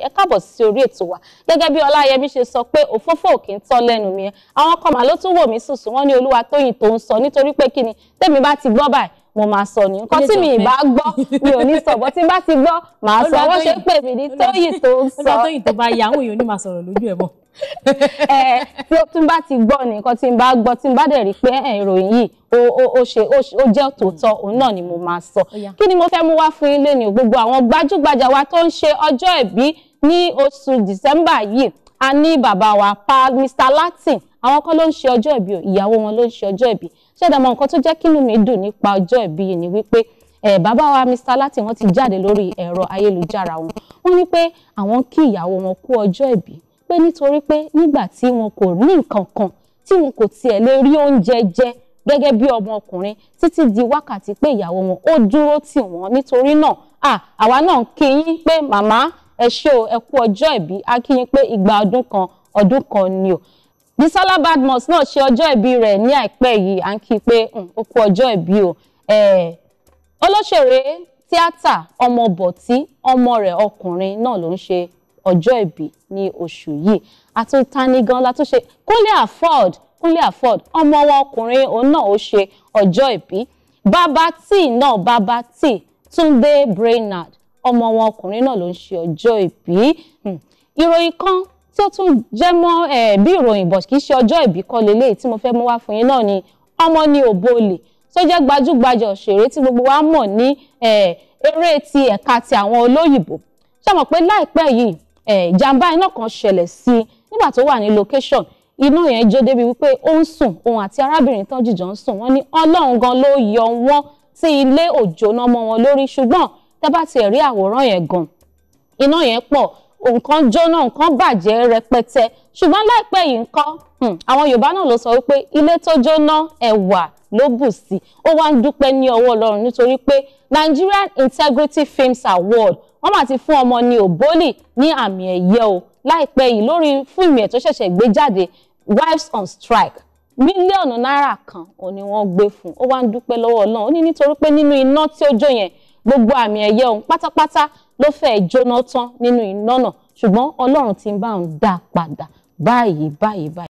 ẹ káàbọ̀ sí orí ètò wa gẹ́gẹ́ bí ọláyẹmí ṣe sọ pé òfófó ò kì í tán lẹ́nu mi àwọn kan mà ló tún wò mí sùsùn wọn ní olúwa tóyìn tó ń sọ nítorí pé kí ni tèmi bá ti gbọ́ báyìí mo máa sọ ní nǹkan tí mi ì bá gbọ́ mi ò ní sọ bọ́ tí bá ti gbọ́ màá sọ wọ́n ṣe pè mí ní tóyìn tó ń sọ. olúwa tóyìn tó bá yà àwọn èèyàn ní màá sọ̀rọ̀ lójú ẹ̀ mọ́. ẹ eh, tí tí n bá ti gbọ́ ní nǹkan tí n bá gbọ́ tí n bá dẹ̀ rí pé ìròyìn yìí ó ṣe ó jẹ́ tòótọ́ òun náà ni mo máa sọ. kí ni mo fẹ́ mú wá fún yín lónìí gbogbo àwọn gbajúgbajà wa tó ń ṣe ọjọ́ ìbí ní oṣù december yìí a ní bàbá wa pa mr latin àwọn kan ló ń ṣe ọjọ́ ìbí o ìyàwó wọn ló ń ṣe ọjọ́ ìbí ṣẹ́dàmọ́ nǹkan tó jẹ́ kínú mi dùn nípa ọjọ́ ìbí ni wípé Eh, bàbá wa Mr. Latin wọ́n ti jáde lórí ẹ̀rọ ayélujára wọn wọ́n ní pé àwọn kí ìyàwó wọn kú ọjọ́ ìbí pé nítorí pé nígbà tí wọn kò ní nǹkan kan tí wọn kò tiẹ̀ lè rí oúnjẹ jẹ gẹ́gẹ́ bí ọmọkùnrin títí di wákàtí pé ìyàwó wọn ó dúró tì wọ́n nítorí náà àwa náà kí yín pé màmá ẹ ṣé o ẹ kú ọjọ́ ìbí a kí yín pé ìgbà ọdún kan ọdún kan ni o Bísọ́lá Badmus náà ṣe ọjọ́ ìbí rẹ̀ ní àìpẹ́ yìí à ń kí i pé ó kú ọjọ́ ìbí o olóṣèré tíátà ọmọ bọ̀tí ọmọ rẹ̀ ọkùnrin náà ló ń ṣe ọjọ́ ìbí ní oṣù yìí àtúntani gan la tún ṣe Kúnlé Afod Kúnlé Afod ọmọ wọn ọkùnrin òun náà ó ṣe ọjọ́ ìbí bàbá náà bàbá Túndé Brainard ọmọ wọn ọkùnrin náà ló ń ṣe ọjọ́ ìbí hmm. ìròyìn kan tí ó tún jẹ́ mọ́ bí ìròyìn bọ̀ kì í ṣe ọjọ́ ìbí kọ́ lélẹ́yìí tí mo fẹ́ mú wá fún yín náà ni ọmọ ni òbó olè tó jẹ́ gbajúgbajà òṣèré tí gbogbo wa mọ̀ ní eré ti ẹ̀ka ti àwọn olóyìnbó ṣe mọ̀ pé láìpẹ́ yìí ìjàmbá iná kan ṣẹlẹ̀ sí i nígbà tó wà ní location inú yẹn jó débi wípé ó ń sùn òun àti arábìnrin tán jìjọ ń sùn wọ́n ní ọlọ́run gan ló yọ wọ́n tí ilé òjò náà mọ́ wọn lórí ṣùgbọ́n tẹ́ bá tiẹ̀ rí àwòrán yẹn gan iná yẹn pọ̀ nǹkan jóná nǹkan bàjẹ́ rẹpẹtẹ ṣùgbọ́n láìpẹ́ yìí ńkọ́ hmm, àwọn Yorùbá náà ló sọ wípé ilé tó jóná ẹwà ló bù sí ó wá ń dúpẹ́ ní ọwọ́ Ọlọ́run nítorí pé Nigerian Integrity Films Award wọ́n mà ti fún ọmọ ní Òbólì ní àmì ẹ̀yẹ o láìpẹ́ yìí lórí fíìmù ẹ̀ tó ṣẹ̀ṣẹ̀ gbé jáde wives on strike mílíọ̀nù náírà kan òun ni wọ́n gbé fún ó wá ń dúpẹ́ lọ́wọ́ Ọlọ́run ó ní nítorí pé nínú iná tí ó jó yẹn gbogbo àmì ẹ̀yẹ òun pátápátá ló fẹ́ẹ́ jóná tán nínú iná náà ṣùgbọ́n Ọlọ́run ti bá òun dá a padà báyìí báyìí báyìí.